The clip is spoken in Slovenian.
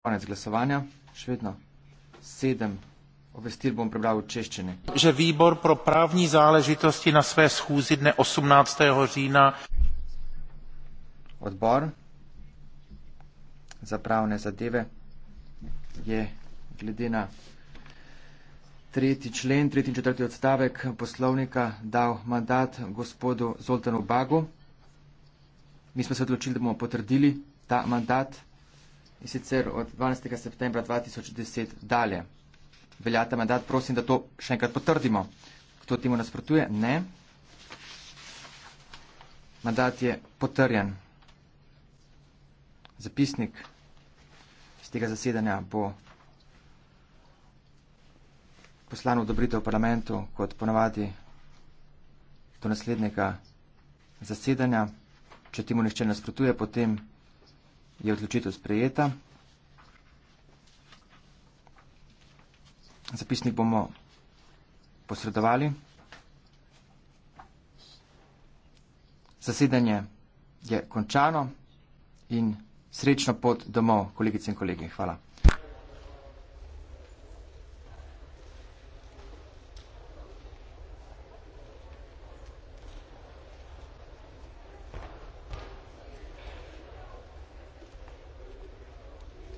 Konec glasovanja, še vedno sedem. Obvestil bom prebral v češčini. Že výbor pro právní záležitosti na své schůzi dne 18. října. Odbor za pravne zadeve je glede na tretji člen, tretji in četrti odstavek poslovnika dal mandat gospodu Zoltanu Bagu. Mi smo se odločili, da bomo potrdili ta mandat in sicer od 12. septembra 2010 dalje. Veljata mandat, prosim, da to še enkrat potrdimo. Kdo temu nasprotuje? Ne. Mandat je potrjen. Zapisnik z tega zasedanja bo poslan v dobritev parlamentu kot ponovadi do naslednjega zasedanja. Če temu nišče nasprotuje, potem je odločitev sprejeta. Zapisnik bomo posredovali. Zasedanje je končano in srečno pot domov, kolegice in kolegi. Hvala.